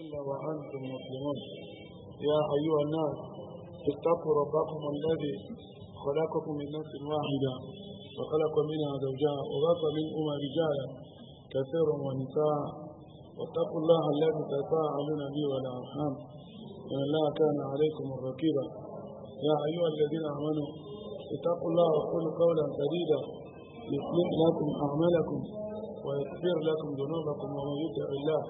إلا وأنتم مسلمون يا أيها الناس اتقوا ربكم الذي خلقكم من نفس واحدة وخلق منها زوجها وغفى منهما رجالا كثيرا ونساء واتقوا الله الذي تساءلون به والأرحام إن الله كان عليكم رقيبا يا أيها الذين آمنوا اتقوا الله وقولوا قولا سديدا يصلح لكم أعمالكم ويغفر لكم ذنوبكم ومن يطع الله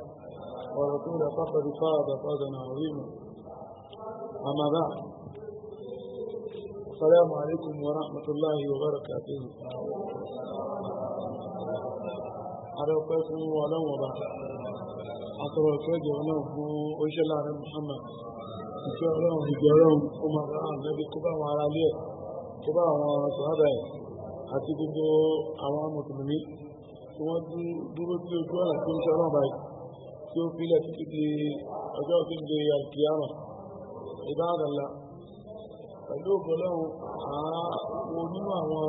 ورسوله فقد فاز فوزا عظيما أما بعد السلام عليكم ورحمة الله وبركاته على وقفكم ولو وبعد أطر الكاد ولو وإن الله على محمد إن شاء الله بجرم وما رأى النبي كبا وعلى ليه كبا وعلى صحابه àti gbogbo àwọn mùsùlùmí tí wọ́n dúró tí ojú ọ̀nà tó ń ṣe ọlọ́ọ̀bá yìí tí ó fílẹ̀ títí di ọjọ́ tí ń di alkiyama ìbáàdàlá pẹ̀lú ògbọ́lọ́run àáwọ nínú àwọn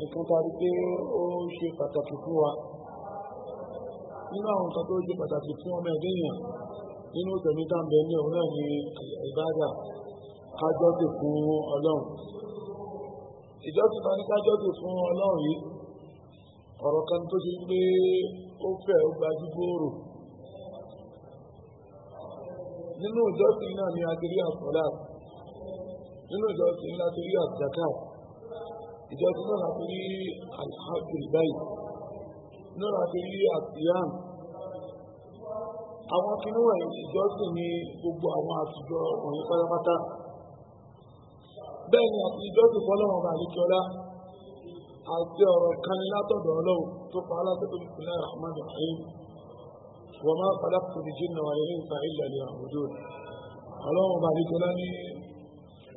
nǹkan tàbí pé ó ṣe pàtàkì fún wa nínú àwọn nǹkan tó ṣe pàtàkì fún ọmọ ẹ̀dẹ́ èèyàn nínú tẹ̀mí tàbí ní òun náà ni ìbáàdà kájọ́dì fún ọlọ́run ìjọ́sìn bá ní kájọ́dì fún ọlọ́run yìí ọ̀rọ̀ kan tó ṣe pé ó fẹ́ ó gbajú nínú ìjọsìn náà ni a ti rí àsọlá nínú ìjọsìn náà ti rí àjàká ìjọsìn náà láti rí àìsàkùn báyìí náà láti rí àtìyàn àwọn kínú ẹ̀ ìjọsìn ní gbogbo àwọn àtijọ́ wọ̀nyí pátápátá bẹ́ẹ̀ ni àti ìjọsìn fọlọ́wọ́n bá àdìkọ́lá àti ọ̀rọ̀ kan ní látọ̀dọ̀ ọlọ́run tó pa alátọ́tò ìpínlẹ̀ rahman rahim وما máa padà kò ní jìnnà wà nínú ìta ilẹ̀ ní àwùjọ ọlọ́run bá dídọ́lá ní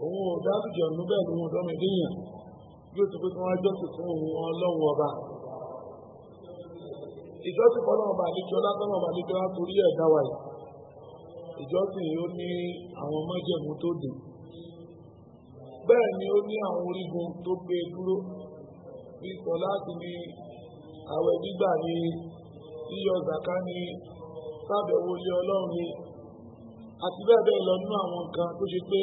òun ò dábìjọ nù bẹ́ẹ̀ lóhun ọdọ́mọ ìdíyàn yóò ti pé kí wọ́n jọ́sìn fún òun ọlọ́run ọba ìjọsìn fọlọ́run bá dídọ́lá tọ́lọ́run bá dídọ́lá torí ẹ̀ dá wáyé ìjọsìn yìí ó ní àwọn májẹ̀mú tó dùn bẹ́ẹ̀ ni ó ní àwọn orígun tó gbé e dúró bí sọ láti ní àwẹ̀ gbígbà ní yíyọ zàká ni sábẹ̀wò ilé ọlọ́run àti bẹ́ẹ̀ bẹ́ẹ̀ lọ nínú àwọn nǹkan tó ṣe pé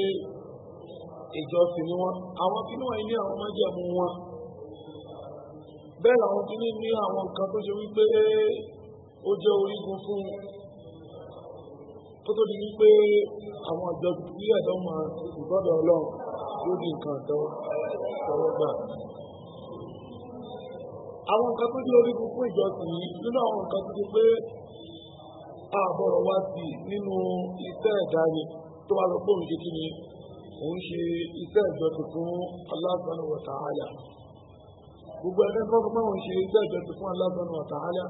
ìjọsìn ni wọn àwọn kí níwọ̀nyí ní àwọn májẹ̀mú wọn bẹ́ẹ̀ làwọn kí ní ní àwọn nǹkan tó ṣe wípé ó jẹ́ orígun fún tó tó wípé àwọn àjọ ìpínlẹ̀ ẹ̀dọ́ máa gbọ́dọ̀ ọlọ́run lórí nǹkan àtọwọ́gbà àwọn nǹkan tó dé orígun fún ìjọsìn yìí nínú àwọn nǹkan tó dé pé àbọ̀rọ̀ wá sí nínú iṣẹ́ ẹ̀dá ni tó wá lọ pòrùn kékeré ni òun ṣe iṣẹ́ ìjọsìn fún Allah subhanahu wa ta'ala gbogbo ẹgbẹ́ kọ́kọ́ máa ń ṣe iṣẹ́ ìjọsìn fún Allah subhanahu wa ta'ala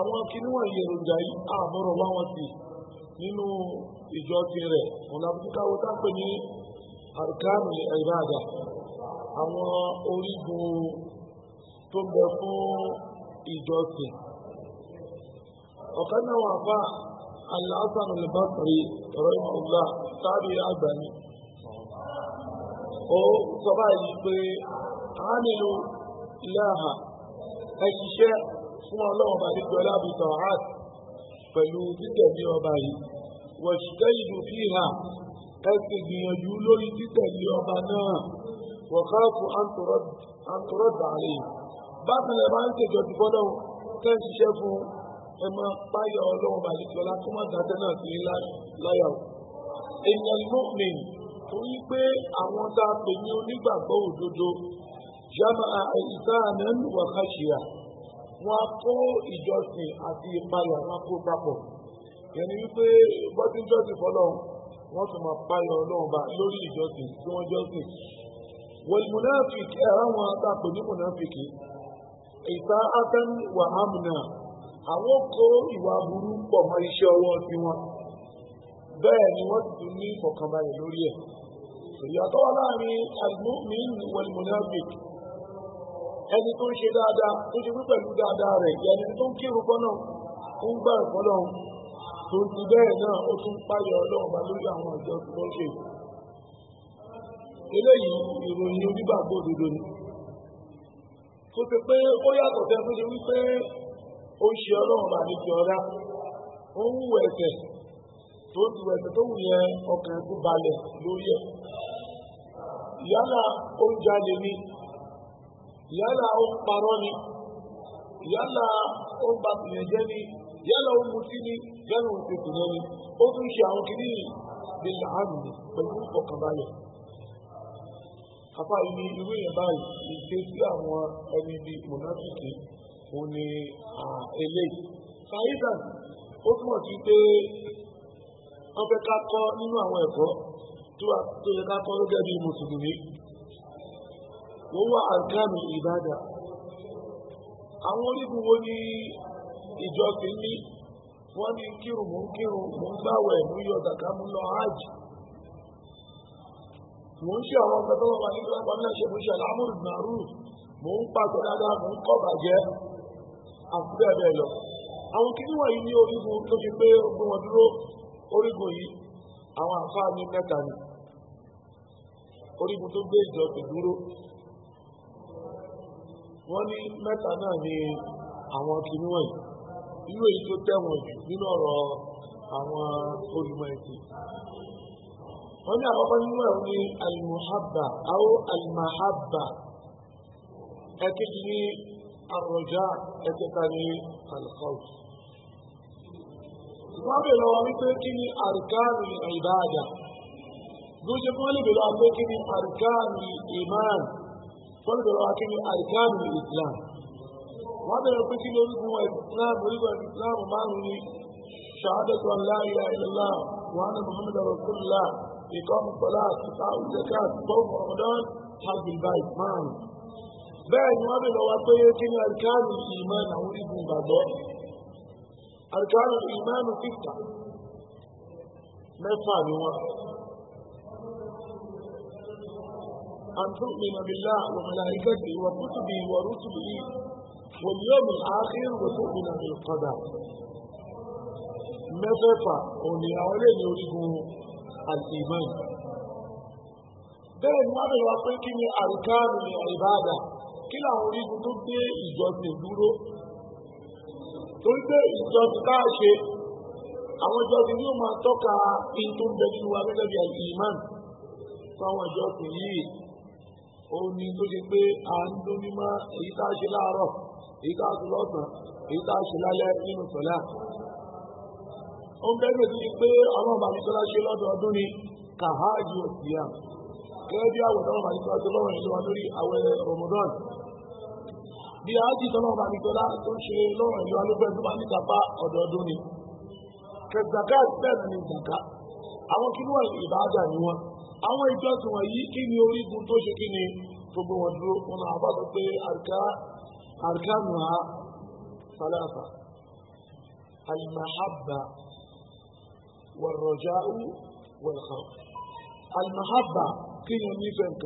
àwọn kìíní wọ̀nyí èròjà yìí àbọ̀rọ̀ wá wọn sí nínú ìjọsìn rẹ̀ ọ̀nà àbúkáwọ́ tá pè ní tó ń bẹ fún ìjọsìn ọ̀kan náà wà bá Al-Hasan al-Basri rahimahullah sábì àgbàní ó sọ báyìí pé àánìlú láhà ẹ ṣiṣẹ́ fún ọlọ́run bá nígbà lábùtọ̀ àt pẹ̀lú títẹ̀lé ọba yìí wọ̀ṣìkẹ́yìdù fíhà ẹ sì gbìyànjú lórí títẹ̀lé ọba náà wọ̀káàkù àǹtọ̀rọ̀dà àlẹ́ yìí bákan lè bá ń tẹ̀jọ́ ti fọ́dọ̀ tẹ́ ń ṣiṣẹ́ fún ẹmọ páyọ̀ ọlọ́run bàlìkọ́lá tó má dájẹ́ náà sí láyà o. èèyàn lómi torí pé àwọn tá a pè ní onígbàgbọ́ òdodo yàmà àìsàn àmẹ́nu wàkàṣìyà wọn á kó ìjọsìn àti ìpayà wọn kó papọ̀ yẹn ni wípé bọ́dún jọ́sìn fọ́lọ́ wọn tún máa páyọ̀ ọlọ́run bá lórí ìjọsìn tí wọ́n jọ́sìn. wọ̀lùmùnáfíkì ẹ̀rọ wọn tá ní mùnáfíkì ìsáátán wà hamna àwọn kó ìwà burú pọ̀ mọ́ iṣẹ́ ọwọ́ tiwọn bẹ́ẹ̀ ni wọ́n ti ní ìfọ̀kànbalẹ̀ lórí ẹ̀ ìyàtọ̀ wà láàrin almu'min wal munafiq ẹni tó ń ṣe dáadáa tó ṣe wípé pẹ̀lú dáadáa rẹ̀ yẹni tó ń kírun fọ́nà tó ń gbà fọ́nà tó ti bẹ́ẹ̀ náà ó tún páyọ ọlọ́run bá lórí àwọn ìjọ tó ń ṣe eléyìí ìròyìn onígbàgbọ́ òdodo ni tó ṣe pé ó yàtọ̀ sẹ́ni tó ṣe wípé ó ń ṣe ọlọ́run bá ní ti ọ̀dá ó ń wù ẹ̀ṣẹ̀ tó ń wù ẹ̀ṣẹ̀ tó wù yẹn ọkàn ẹ̀kú balẹ̀ lórí ẹ̀ yálà ó ń jalè ni yálà ó ń parọ́ ni yálà ó ń ba ni yálà ó ń mutí ni yálà ó ń tètè yẹn ni ó tún ṣe àwọn kìíní ní làánù pẹ̀lú ọkàn balẹ̀ apá yìí ní irú yẹn báyìí ìṣe sí àwọn ẹni bíi monafiki òun ni eléyìí. fàyíṣà ó túmọ̀ sí pé wọ́n fẹ́ ká kọ́ nínú àwọn ẹ̀kọ́ tó yẹ ká kọ́ gẹ́gẹ́ bíi mùsùlùmí. wọ́n wá àgáàmì ìbàdà. àwọn orígun wo ni ìjọsìn ní wọ́n ní kírun mò ń kírun mò gbàwẹ̀ mò ń yọ lọ hajj. mò ń ṣe àwọn ọ̀gá tó wà ní ìlú àpamọ́ ẹ̀ṣẹ̀ mò ń ṣe àlámùr nàrú mò ń pàṣẹ dáadáa mò ń kọ́ bàjẹ́ àti bẹ́ẹ̀ bẹ́ẹ̀ lọ. àwọn kìíní wọ̀nyí ní orígun tó fi gbé ogun wọn dúró orígun yìí àwọn àfáà ní mẹ́ta ni orígun tó gbé ìjọ tó dúró wọ́n ní mẹ́ta náà ni àwọn kìíní wọ̀nyí irú èyí tó tẹ̀wọ̀n jù nínú ọ̀rọ̀ àwọn olùmọ̀ ẹ̀sìn wọ́n ní àkọ́kọ́ nínú ẹ̀ ní alimuhabba awo alimahabba ẹ̀kejì ní arọ̀já ẹ̀kẹta ní alkhawf. wọ́n bèèrè lọ́wọ́ wípé kí ni arkanu ìbáàdà bí ó ṣe fún wọn lè bèèrè lọ́wọ́ pé kí ni arkanu iman wọ́n lè bèèrè lọ́wọ́ kí ni arkanu islam wọ́n bèèrè pé kí ni orígun islam orígun islam márùn-ún ni ṣàádọ́tò aláìyá ìlàlá wàhánà muhammadu rasulullah إقام الصلاة إيتاء الزكاة صوم رمضان حج البيت معا bẹ́ẹ̀ ni wọ́n bèèrè wá pé kí ni arkanu ìmánu àwọn igun ìgbàgbọ́ arkanu ìmánu fìtà mẹ́fà ni wọ́n أن تؤمن بالله وملائكته وكتبه ورسله واليوم الآخر وتؤمن بالقدر مففا أولي أولي يريدون al-iman bẹ́ẹ̀ ni wọ́n bẹ̀rẹ̀ wá pé kí ni àrùkánù ní ìbáàdà kí làwọn orígun tó gbé ìjọsìn dúró torí pé ìjọsìn tá a ṣe àwọn ìjọsìn yóò máa tọ́ka in tó ń bẹ nínú wa gẹ́gẹ́ bí al-iman fún àwọn ìjọsìn yìí òun ni tó ṣe pé à ń dóní mọ́ èyí tá a ṣe láàárọ̀ èyí tá a ṣe lọ́sàn-án èyí tá a ṣe lálẹ́ nínú sọ̀lá ó ń bẹ́ẹ̀ lòdì pé ọlọ́ọ̀bà ní sọ́lá ṣe lọ́dọọdún ni kàhájì òsì yà gẹ́gẹ́ bí àwọ̀ tọ́lọ́ọ̀bà ní sọ́lá ṣe lọ́wọ́ ìṣọ́wá lórí àwẹ̀ Ramadan bí àájì tọ́lọ́ọ̀bà ní sọ́lá tó ń ṣe lọ́wọ́ ìṣọ́wá lópẹ́ tó máa ní kápá ọdọọdún ni kẹgbàká bẹ́ẹ̀ ni gbàká àwọn kí wọ́n ìbáàdà ni wọ́n àwọn ìjọsìn wọ̀nyí kí ni orígun tó ṣe kí ni gbogbo wọn dúró wọn náà bá sọ pé àrkánu ha sálàfà والرجاء والخوف المحبة كي ينفنك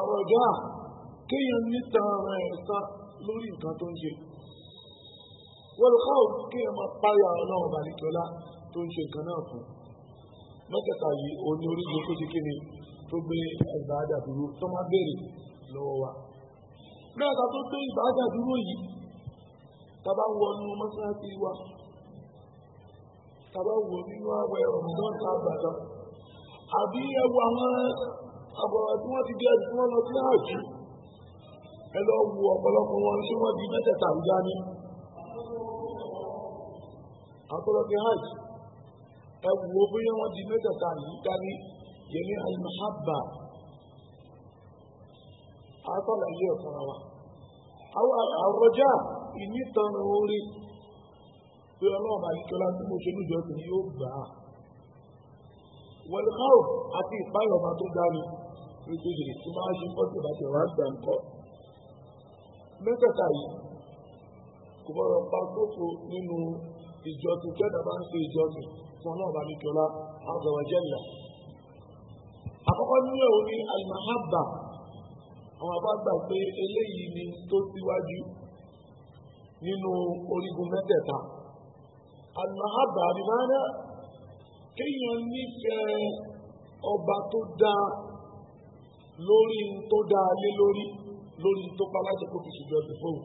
الرجاء كي ينفنك لوري كاتونجي والخوف كي ما بايا الله بارك ولا تونجي كنافو mẹ́tẹ̀ẹ̀ta yìí o ní orígun tó ti kíni tó gbé ìbáàdà dúró tó máa béèrè lọ́wọ́ wa mẹ́ta tó gbé ìbáàdà dúró yìí tá a bá wọnú mọ́sálásí wa tàbá wò nínú àwẹ̀ Ramadan tá a gbà àbí ẹwọ àwọn àgbàrá tí wọ́n ti di ẹni tí wọ́n lọ sí àjù ẹ lọ wo ọ̀pọ̀lọpọ̀ wọn tí wọ́n di mẹ́tẹ̀ẹ̀ta àrúdá ní àpọ̀lọpọ̀ hajj ẹ wo bóyá wọ́n di mẹ́tẹ̀ẹ̀ta àrúdá ní wa àwọn pé ọlọ́run bá kíkọ́ láti mú ṣe níjọ sí ni yóò gbà á. wẹ̀lùkáwò àti ìpáyọ̀ ọba tó dá mi nítorí tí máa ṣe pọ́sì ìbàjẹ́ wàá gbà ń kọ́. mẹ́tẹ̀ẹ̀ta yìí kò bọ́rọ̀ pa sófo nínú ìjọsìn kẹ́ta bá ń ṣe ìjọsìn fún ọlọ́run bá kíkọ́ lá àgbàwọ̀ jẹ́lá. àkọ́kọ́ nínú òun ni àlùmáhábà àwọn abágbà pé eléyìí ni tó síwájú nínú orígun mẹ́tẹ̀ẹ̀ta àlàábà àbíbáná kéèyàn nífẹ̀ẹ́ ọba tó dáa lórí ń tó dáa lé lórí lórí ń tó pa láti kó fi ṣèjọba fóun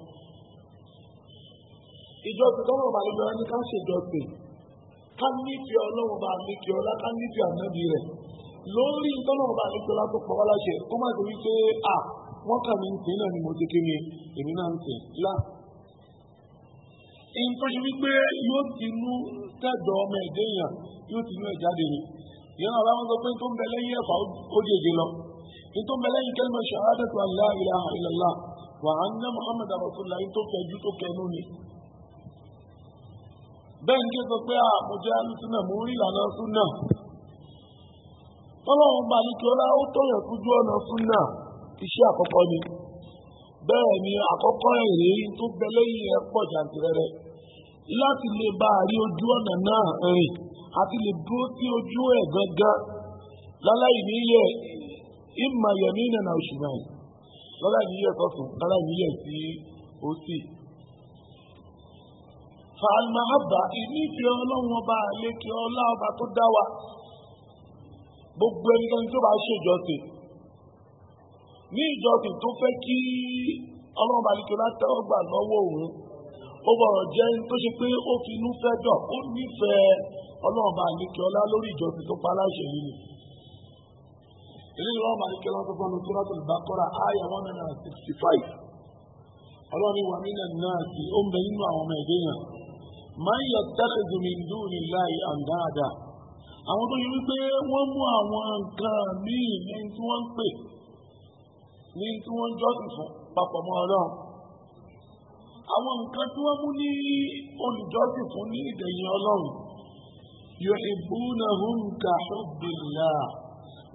ìjọba tọ́lọ̀ bá lọ́wọ́ ní ká ṣèjọba ká nífẹ̀ẹ́ ọlọ́run bá nífẹ̀ẹ́ ọlá ká nífẹ̀ẹ́ ànábì rẹ̀ lórí tọ́lọ̀ bá nífẹ̀ẹ́ ọlá tó pọ̀ wá láṣẹ kó má torí pé à wọ́n kà mí ń pè náà ni mo ti kí mi èmi náà ń pè lá in tó ṣe wípé yóò ti mú tẹ́dọ̀ ọmọ ẹ̀dẹ́ èèyàn yóò ti mú ẹ̀jáde ni ìyẹn àwọn ọmọ pé tó ń bẹ lẹ́yìn ẹ̀fà ó di èdè lọ in tó ń bẹ lẹ́yìn kẹ́lùmọ̀ ṣahadatu la ilaha illallah wa anna muhammad rasulullah in tó fẹ̀jú tó kẹnu ni bẹ́ẹ̀ ń ké sọ pé àmójẹ́ alùsùnà mú rí ìlànà súnà tọ́lọ́run bá ní kí ọlá ó tọ̀yàn sójú ọ̀nà súnà iṣẹ́ àkọ́kọ́ ni bẹ́ẹ̀ ni àkọ́kọ́ èrè tó bẹ lẹ́yìn ẹ̀ pọ̀ jàǹtìrẹrẹ láti lè bá a rí ojú ọ̀nà náà rìn àti lè dúró sí ojú ẹ̀ gangan láláì níyẹ ìmọ̀ yẹ̀mí ìnana oṣù náà láláì níyẹ níyẹ sí ọlọ́run ọba ọlá ọba tó dá wa gbogbo tó bá ṣèjọ́sìn ní ìjọsìn tó fẹ́ kí ọlọ́run àlejò látẹ́wọ́ gbà lọ́wọ́ òun ó bọ̀rọ̀ jẹ́ tó ṣe pé ó fi inú fẹ́ dọ̀ ó nífẹ̀ẹ́ ọlọ́run àlejò ọlá lórí ìjọsìn tó pa aláṣẹ yìí ni. eléyìí wọn máa ń wọn tó fọnù tó látọ̀ lè bá kọ́ra àyà one hundred and sixty five ọlọ́run ìwà nílẹ̀ náà sí ó ń bẹ nínú àwọn ọmọ ẹ̀dẹ́ yẹn máa ń yọ tẹ́lẹ̀dù mi dùn ní láì àǹdáàdà àwọn tó yẹ wípé wọ́n mú àwọn nǹkan míì ní tí wọ́n ń pè ní tí wọ́n ń jọ́sìn fún papọ̀ mọ́ ọlọ́run àwọn nǹkan tí wọ́n mú ní olùjọ́sìn fún ní ìdẹ̀yìn ọlọ́run yuhibbunahum ka hubbillah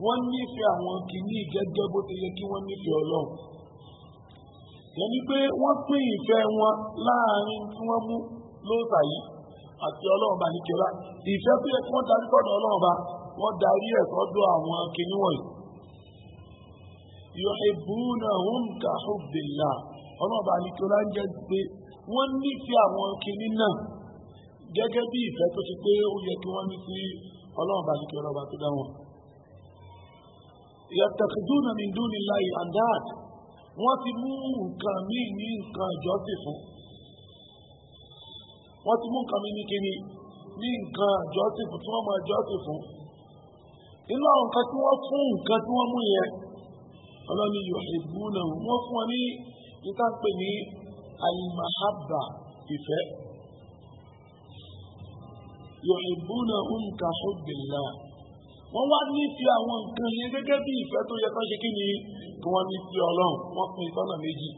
wọ́n nífẹ̀ẹ́ àwọn kìíní gẹ́gẹ́ bó ti yẹ kí wọ́n nífẹ̀ẹ́ ọlọ́run yẹni pé wọ́n pín ìfẹ́ wọn láàrin tí wọ́n mú lóòótá yìí àti ọlọ́run bá ní kíọ́lá ìfẹ́ tó wọ́n darí sọ́dọ̀ ọlọ́run bá wọ́n darí ẹ̀ sọ́dọ̀ àwọn kìíní wọ̀nyí yuhibbunahum ka hubbillah ọlọ́ọ̀bà àlìkọ́lá ń jẹ́ pé wọ́n nífẹ̀ẹ́ àwọn kinní náà gẹ́gẹ́ bí ìfẹ́ tó ṣe pé ó yẹ kí wọ́n ní sí ọlọ́ọ̀bà àlìkọ́lá ọba tó dá wọn. yattakhiduna min dunillahi andad wọ́n ti mú nǹkan míì ní nǹkan ìjọsìn fún wọ́n ti mú nǹkan míì ní kinní ní nǹkan ìjọsìn fún tí wọ́n máa jọ́sìn fún inú àwọn nǹkan tí wọ́n fún nǹkan tí wọ́n mú yẹn ọlọ́ni yuhibbuna wọ́n fún ọ ní ìtàpè ní al-mahabba ìfẹ́ yuhibbuna ka hubbillah wọ́n wá nífẹ̀ẹ́ àwọn nǹkan yẹn gẹ́gẹ́ bí ìfẹ́ tó yẹ kán ṣe kí ni kí wọ́n nífẹ̀ẹ́ ọlọ́run wọ́n pín ìtọ́nà méjì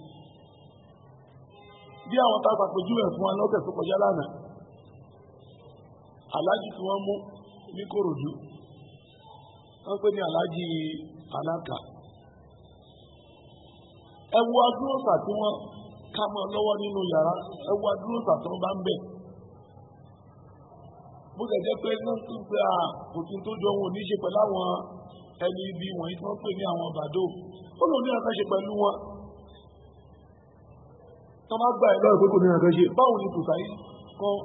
bí àwọn tá a pàpéjú ẹ̀ fún wa lọ́kẹ̀ tó kọjá lánàá aláàjì tí wọ́n mú ní Kòròdú wọ́n pè ní aláàjì aláka ẹ wo adúrósà tí wọ́n ká mọ́ lọ́wọ́ nínú yàrá ẹ wo adúrósà tí wọ́n bá ń bẹ̀. bó ṣe jẹ́ pé náà tún pé à kò sí tó jọ wọn ò ní ṣe pẹ̀lú àwọn ẹni ibi wọ̀nyí tí wọ́n pè ní àwọn bàdó ó lòun ní àkàṣe pẹ̀lú wọn. tó bá gbà ẹ lọ́rọ̀ kò ní àkàṣe báwo ni tùsàyí kan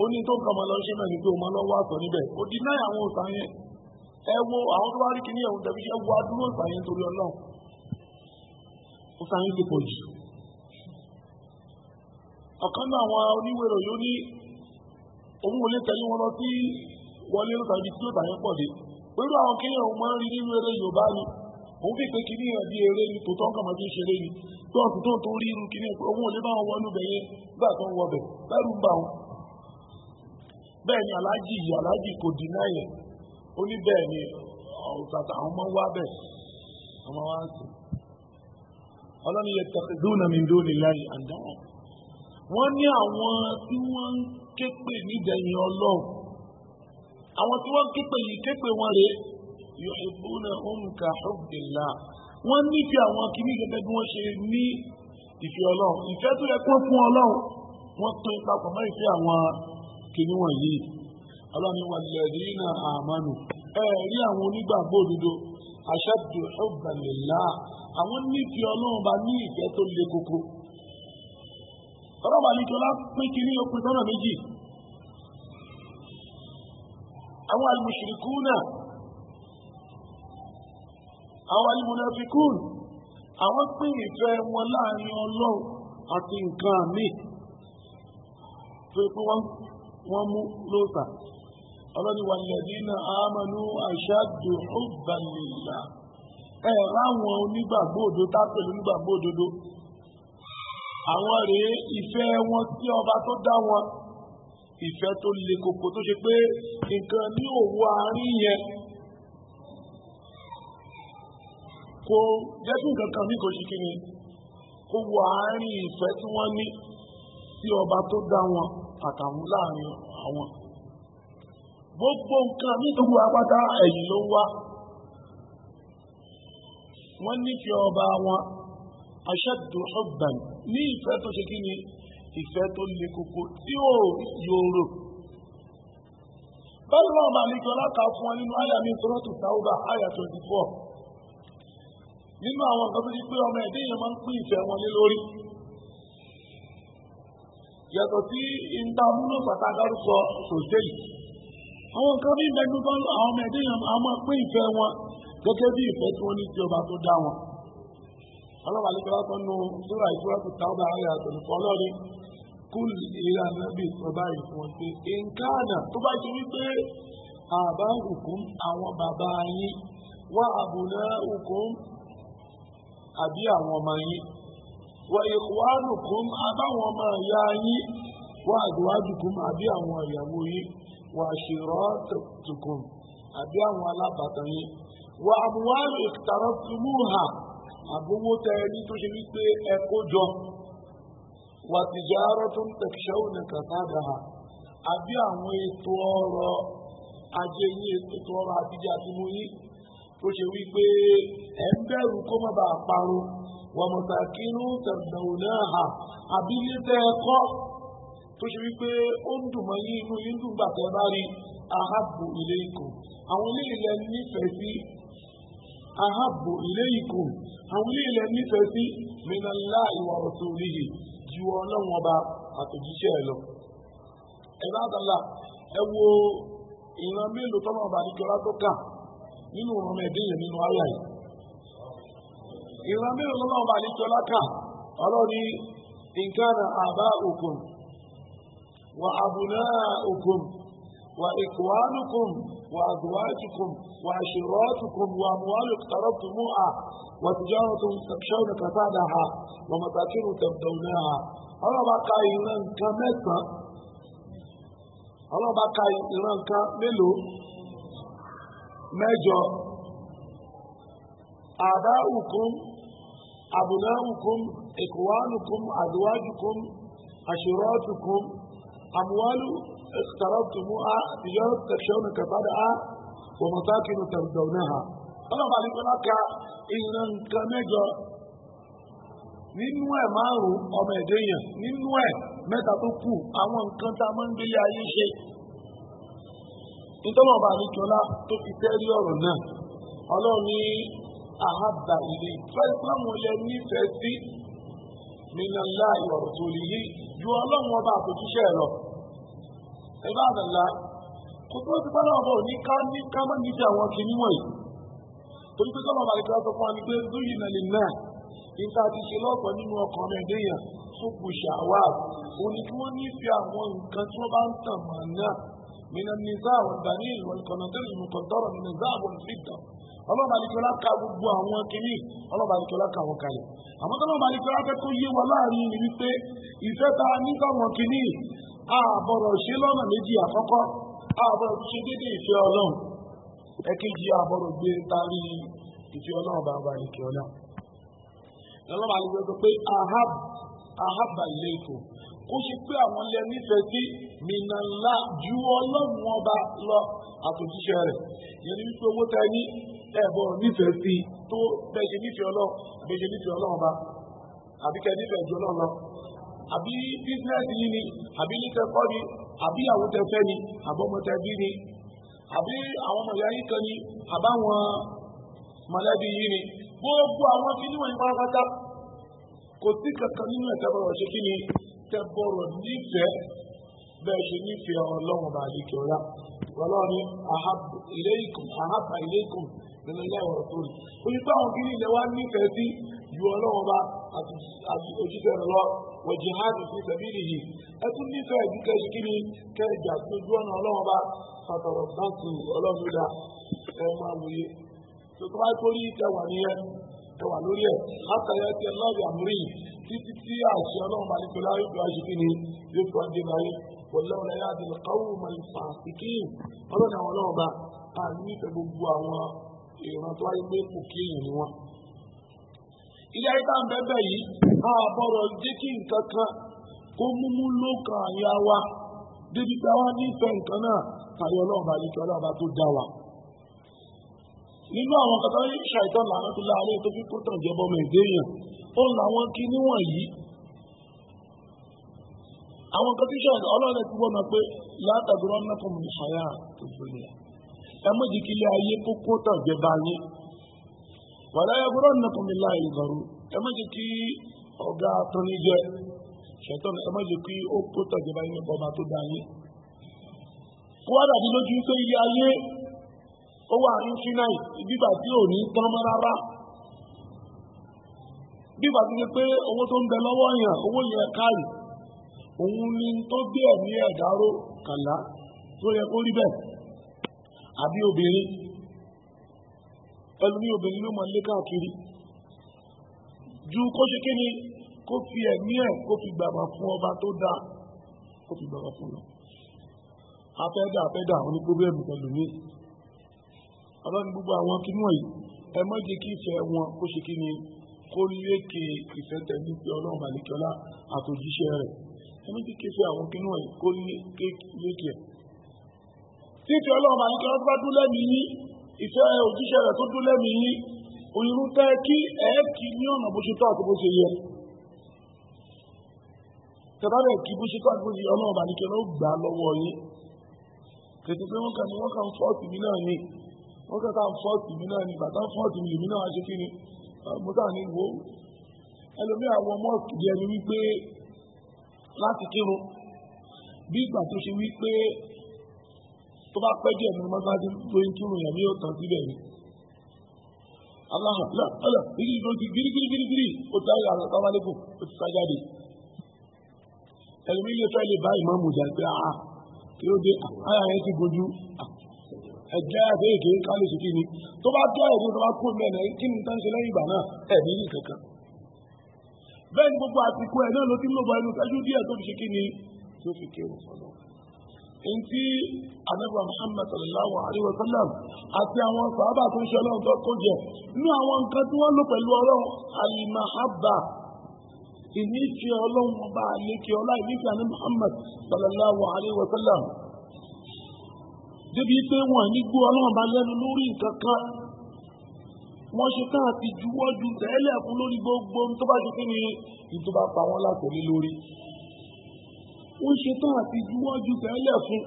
ó ní tó nǹkan ọmọ lọ ṣe mẹ́rin pé ọmọ lọ́wọ́ àtọ̀ níbẹ̀ ó di náà àwọn òsàn yẹn ẹ wo àwọn tó bá rí kinní ẹ̀hún tẹ̀bí ṣe wo adúró òsàn ọ̀sà yín ti pọ̀ jù ọ̀kan náà àwọn oníwèrò yóò ní òun ò lè tẹ̀lé wọn lọ sí wọlé ló tàbí tí ó tàbí pọ̀ dé pẹ̀lú àwọn kéèyàn òun máa ń rí nínú eré Yorùbá ni òun fi pé kíní ìrìn àbí eré ni tòótọ́ nǹkan máa fi ń ṣeré ni tó ọ̀sùn tó ń tó rí irú kíní pé òun ò lè bá wọn wọnú bẹ̀yẹn nígbà tó ń wọbẹ̀ bẹ́rù ń bà wọn. bẹ́ẹ̀ ni aláàjì yìí aláàjì kò dín náà yẹn ó ní bẹ́ẹ̀ ni ọ̀sàtà àwọn máa wá bẹ̀ àwọn máa ń sìn ọlọ́ni yattakhiduna min dunillahi andada wọ́n ní àwọn tí wọ́n ń képe nídẹ̀yìn ọlọ́run àwọn tí wọ́n képe yìí képe wọn rè yuhibbunahum ka hubbillah wọ́n nífẹ̀ẹ́ àwọn kìíní gẹ́gẹ́ bí wọ́n ṣe ní ìfẹ́ ọlọ́run ìfẹ́ tó yẹ kó fún ọlọ́run wọ́n tó ipa pọ̀ mọ́ ìfẹ́ àwọn kìíní wọ̀nyí ọlọ́ni walladhina amanu ẹ̀ẹ́rí àwọn àwọn nífẹ̀ẹ́ ọlọ́run bá ní ìfẹ́ tó le koko ọlọ́run bá ní tọ́lá pín kiri okùn sọ́nà méjì àwọn alìmùsìrìkún náà àwọn alìmùnàfikún àwọn pín ìfẹ́ wọn láàrin ọlọ́run àti nǹkan àmì tó pé wọ́n mú lóòsà ọlọ́run wà lẹ́dínà àmàlú àṣàdùn ó gbàlè ìlànà ẹ ráwọn onígbàgbọ́ òdodo tá a pè ní onígbàgbọ́ òdodo àwọn rèé ìfẹ́ wọn sí ọba tó dá wọn ìfẹ́ tó le koko tó ṣe pé nǹkan ní òwò àárín yẹn kò jẹ́ kí nǹkan kan ní kò ṣe kí wọ àárín ìfẹ́ tí wọ́n ní sí ọba tó dá wọn àtàwọn láàrin àwọn gbogbo nǹkan nítorí apáta ẹ̀yìn ló wá wọ́n nífẹ̀ẹ́ ọba wọn aṣáàdùn ọgbàn ní ìfẹ́ tó ṣe kí ni ìfẹ́ tó le koko tí ó yòrò bẹ́ẹ̀ náà máa nífẹ̀ẹ́ láka fún wọn nínú àyà mi sọ́rọ́tù táwọ́bà àyà 24 nínú àwọn nǹkan tó ti pé ọmọ ẹ̀dẹ́ yẹn máa ń pín ìfẹ́ wọn lé lórí yàtọ̀ sí ìta múlò pàtàkárùkọ tòṣèlì àwọn nǹkan bí ìbẹ́gbẹ́ àwọn ọmọ ẹ̀dẹ́ yẹn máa pín ìfẹ́ wọn gẹ́gẹ́ bí ìfẹ́ tí wọ́n ní tí ọba tó dá wọn. ọlọ́wà ló kọ́lá tọ́nu síra ìtura tó ta ọba ayé àtẹnukọ́ lọ́rí kúl ìlà nàbì ọba ìfún pé nǹkanà tó bá ti wí pé àbá òkun àwọn bàbá yín wá àbùnà òkun àbí àwọn ọmọ yín wà ìkùwánùkùn àbáwọn ọmọ ìyá yín wà àdùwádùkùn àbí àwọn ìyàwó yín wà àṣírọ́ tòkùn àbí àwọn alábàtàn yín wà àbúwárì ìtàràtúmùhà àbúwó tẹ̀lé tó ṣe wípé ẹ kó jọ wà tìjàrọ̀ tó ń tẹ̀síọ́ ní kàtàdà àbí àwọn ètò ọrọ̀ ajé yín ètò ọrọ̀ àbíjà tí mo yí tó ṣe wípé ẹ ń bẹ̀rù kó má bàa parun wà mọ̀tàkínú tẹ̀síọ́ náà àbí ilé tẹ́ ẹ kọ́ tó ṣe wípé ó ń dùn mọ́ yín inú yín dùn gbàtẹ́ bá rí ahabu ilé ikọ̀ àwọn ilé ilẹ̀ nífẹ̀ẹ́ sí ahabu ileikum àwọn ilé ilẹ̀ nífẹ̀ẹ́ sí rasulihi ju ọlọ́run ọba àtòjíṣẹ́ ẹ lọ. ẹ bá ẹ wo ìran mélòó tọ́nà ọba àdìjọra tó kà nínú ọ̀rọ̀ mẹ́ẹ̀ẹ́dẹ́yẹ nínú àyà yìí. ìran mélòó tọ́nà ọba àdìjọra kà ọlọ́ni nǹkan àbá òkun wà àbùnà òkun wà ìkùwánùkùn. وأزواجكم وعشيراتكم وأموال اقترضتموها وتجارة تخشون كفادها ومساكن تبدونها هل بقى إيران كمسا هل بقى إيران كملو مجو أعداؤكم أبناؤكم إخوانكم أزواجكم عشيراتكم أموالكم اقتربتموها تجارة تخشون كفادها ومساكن ترضونها ọlọ́pàá ní kọ́láka ìran nǹkan mẹ́jọ nínú ẹ̀ márùn-ún ọmọ ẹ̀dẹ́ yẹn nínú ẹ̀ mẹ́ta tó kù àwọn nǹkan tá a máa ń gbélé ayé ṣe nítorí ọba àríkọlá tó fi tẹ́rí ọ̀rọ̀ náà ọlọ́run ní àhábà ilé ìfẹ́ ìsìlámù lẹ nífẹ̀ẹ́ sí nínú aláì tó lè yí ju ọlọ́run ọba àtòjíṣẹ́ lọ ẹ̀bá àdàlá kò tó ti pẹ́ náà bọ̀ ní ká ní ká má níbi àwọn kìíní wọ̀nyí torí pé sọ́nà àbàlẹ̀ kíláà fún wa ni pé lóyìn náà lè náà níta ti ṣe lọ́pọ̀ nínú ọkàn rẹ̀ déyàn fún bùṣàwà òní kí wọ́n nífẹ̀ẹ́ àwọn nǹkan tí wọ́n bá ń tàn mọ́ náà mìíràn nìzá àwọn ìbàní ìlú ìkọ̀nàdẹ́rì ìmùkọ̀dọ́rọ̀ nìzá àwọn ìfìtàn ọlọ́ba àdìkọ́lá ka gbogbo àwọn kìíní ọlọ́ba àdìkọ́lá ka wọ́n kalẹ̀ àmọ́ tọ́lọ́ba àdìkọ́lá fẹ́ yé wa láàrin ìrí pé ìfẹ́ ta nígbà wọn kìíní àbọ̀rọ̀ ṣe lọ́nà méjì àkọ́kọ́ àbọ̀rọ̀ ṣe dédé ìfẹ́ ọlọ́run ẹ̀kejì àbọ̀rọ̀ gbé tari ìfẹ́ ọlọ́run bàbá ìkẹ́ ọlá lọ́lọ́mà ní gbogbo pé àhábà ilé ìfò kó ṣe pé àwọn ilẹ̀ nífẹ̀ẹ́ sí mìnàlá ju ọlọ́run ọba lọ àtòjíṣẹ́ rẹ̀ yẹn ni wípé owó tẹ́ ní ẹ̀bọ̀ nífẹ̀ẹ́ sí tó bẹ́ẹ̀ ṣe nífẹ̀ẹ́ ọlọ́run àbí ṣe nífẹ̀ẹ́ ọlọ́run ọba àbíkẹ́ nífẹ̀ẹ́ ju ọlọ́run lọ àbí bísínẹ́sì yìí ni àbí lítẹ̀kọ́ ni àbí àwòtẹ́fẹ́ ni àbọ̀mọ̀tẹ́bí ni àbí àwọn mọ̀lẹ́ yìí kan ni àbáwọn mọ̀lẹ́bí yìí ni gbogbo àwọn kí níwọ̀nyí pátápátá kò sí kankan nínú ẹ̀ tẹ́bọ̀rọ̀ ṣe kí ni tẹ́bọ̀rọ̀ nífẹ̀ẹ́ bẹ́ẹ̀ ṣe nífẹ̀ẹ́ ọlọ́run bá lè jọra ọlọ́run ni àhábà ilé ìkùn nínú ilé ìwọ̀n ni ilẹ̀ wa nífẹ̀ẹ́ àti òjíṣẹ́ rẹ̀ lọ wọ jihadi fi sabilihi ẹ tún nífẹ̀ẹ́ bí kẹ́ ṣe kí ni kẹ́ ẹ jà sí ojú ọ̀nà ọlọ́run bá fàtàrọ̀ báńkì ọlọ́run dá ẹ máa wòye tó tó bá torí ìtẹ̀wà nìyẹn ẹwà lórí ẹ̀ látàrí ẹ̀ tí ẹ lọ́ọ̀dì àmúrí títí tí àṣẹ ọlọ́run bá nípa láyé tó aṣọ kí ni yóò tó ọdún láyé wọlọ́run ẹ̀yà àdìrẹ káwọ́ màlìfà síkì ọlọ́run àwọn ọlọ́run bá a nífẹ̀ẹ́ gbogbo àwọn ìran tó wáyé pé kò kéèyàn ni ìyá ìta ń bẹ́bẹ̀ yìí a bọ̀rọ̀ jẹ́ kí nǹkan kan kó múmú ló kan àyà wa débi pé wọ́n nífẹ̀ẹ́ nǹkan náà tàbí ọlọ́run bá yíkẹ́ ọlọ́run bá tó dá wa. nínú àwọn kọ̀ọ̀kan yìí ṣàìtàn làwọn tó láàárẹ̀ tó fi kótó ìjọba ọmọ ẹ̀dẹ́ yẹn ó làwọn kí níwọ̀n yìí. àwọn kan tí ṣàìtàn ọlọ́run ti wọ́n mọ̀ pé látàgbọ́n náà fún mi. ẹ mọ̀ jì wàlá yàgùrọ̀ nàkùn mi láàyè ìgbàrú ẹ má jẹ́ kí ọ̀gá tóní jẹ́ ṣẹ̀tọ́n ẹ má jẹ́ kí ó kó tọ̀jọba yín ọba tó dá yín. ó wá dàbí lójú pé ilé ayé ó wà ní bíbà tí ò ní tán mọ́ rárá bíbà tí ó pé owó tó ń bẹ lọ́wọ́ yàn owó yẹn káyì òun ni tó gbé kàlá tó yẹ kó rí bẹ́ẹ̀ àbí obìnrin ẹlòmí obìnrin ló mọ̀ lé káàkiri ju kó ṣe kí ni kó fi ẹ̀mí ẹ̀ kó fi gbàgbà fún ọba tó dáa kó fi gbàgbà fún lọ afẹ́dà afẹ́dà àwọn onígbóbẹ̀rù ẹlòmí ọlọ́ni gbogbo àwọn kínú yìí ẹ má jẹ́ kí ìfẹ́ wọn kó ṣe kí ni kó lékè ìfẹ́ tẹ̀lé pé ọlọ́run àlekọ́lá àtòjíṣẹ́ rẹ̀ ẹ má jẹ́ kí ìfẹ́ àwọn kínú yìí kó lékè ẹ̀ títí ọlọ́run àlekọ́lá tó bá dúró lẹ́nu yìí ìfẹ́ òjíṣẹ́ rẹ̀ tó dún lẹ́mìí yín òyìnbó tẹ́ kí ẹ̀ẹ́kì ní ọ̀nà bó ṣe tọ́ àti bó ṣe yẹ tẹ̀bárẹ̀ kí bó ṣe tọ́ àti bó ṣe yẹ ọlọ́run bá ní kí ọlọ́run gbà lọ́wọ́ yín kẹ̀tẹ̀ pé wọ́n kà ní wọ́n kà ń fọ́ọ̀tì mí náà ni wọ́n kà ń fọ́ọ̀tì mí náà ni bàtà ń fọ́ọ̀tì mí náà ṣe kí ni mo kà ní wo ẹlòmí àwọn mọ́ọ̀kì tó bá pẹ́ díẹ̀ nínú mọ́sáájú tó ń kírun yẹn ní òtàn síbẹ̀ ni. aláhùn náà ọ̀nà èyí ló ti gírígírí gírígírí ó ta ìyá àwọn sábàlẹ́kùn ó ti sájáde. ẹ̀lùmí ilé fẹ́ lè bá ìmáàmù jà pé àá ah, kí ló dé àyà ah, yẹn ti gojú ah, ẹ̀jẹ̀ àti èké ká lè ṣèké ni tó bá tó ẹ̀rí tó bá kú mẹ́rin kí ni tán ṣe lẹ́yìn ìgbà náà ẹ̀mí ní kankan. bẹ́ẹ̀ ni gbogbo àsìkò ẹ̀ náà ló ti ń lò bọ ẹnu sẹ́jú díẹ̀ tó fi ṣèké ni tó fi kéwòn sọ́dọ̀ ntí anabiwa muhammad sallallahu alayhi wa sallam àti àwọn sàábà tó ń ṣe ọlọ́run tó kó jẹ nínú àwọn nǹkan tí wọ́n lò pẹ̀lú ọlọ́run alimahaba ìníṣẹ́ ọlọ́run ọba àlékè ọlá ìníṣẹ́ àní muhammad sallallahu alayhi wa sallam débi pé wọ́n ní gbó ọlọ́run bá lẹ́nu lórí nǹkan kan wọ́n ṣe tán àti juwọ́ ju tẹ́lẹ̀ fún lórí gbogbo tó bá ṣe kí ni ìtọ́ba pa wọ́n láti lé lórí ó ṣe tán àti juwọ́jú tẹ́lẹ̀ fún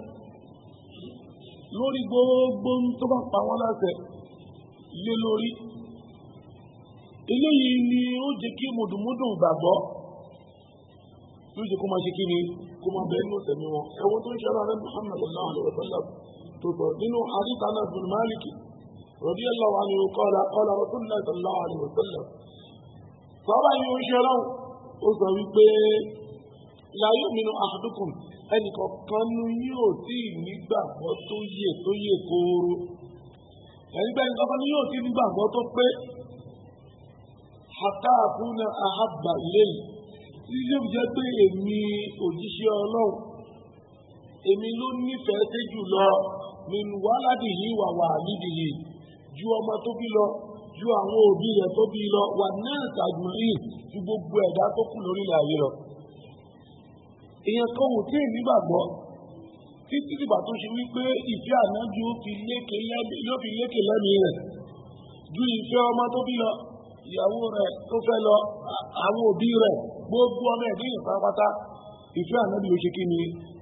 lórí gbogbo tó bá pa wọ́n láṣẹ lé lórí eléyìí ni ó jẹ́ kí mùdùmúdù gbàgbọ́ tó jẹ́ kó máa ṣe kí ni kó máa bẹ̀rẹ̀ ní ọ̀sẹ̀ mi wọn ẹwọ́n tó ń ṣe ara rẹ̀ Muhammad sallallahu alaihi wa sallam tó sọ nínú hadith Anas bin Malik radiyallahu anhu qala qala Rasulullah sallallahu alaihi wa sallam sábà yìí ó ń ṣe ọlọ́run ó sọ wípé láyé mi nu àdúkùn ẹnìkọ̀ọ̀kan nu yóò tí ì nígbàgbọ́ tó yẹ tó yẹ kóró ẹ̀rígbẹ́ ẹnìkọ̀ọ̀kan nu yóò tí ì nígbàgbọ́ tó pé àtàkùn náà àhàgbà lẹ́yìn tí yóò jẹ́ pé èmi òjíṣẹ́ ọlọ́run èmi ló nífẹ̀ẹ́ sí jùlọ nínú wàhálàdìhì wà wàhálìdìhì ju ọmọ tó bí lọ ju àwọn òbí rẹ̀ tó bí lọ wà náà tàgbọ̀n yìí ju gbogbo ẹ̀dá tó kù lórí ayé lọ èèyàn kan ò tí ì nígbàgbọ́ títí ìgbà tó ṣe wípé ìfẹ́ ànájú yóò fi lékè lẹ́mìí rẹ̀ ju ìfẹ́ ọmọ tó bí lọ ìyàwó rẹ̀ tó fẹ́ lọ àwọn òbí rẹ̀ gbogbo ọmọ ẹ̀dín ìpapátá ìfẹ́ ànájú ló ṣe kí ni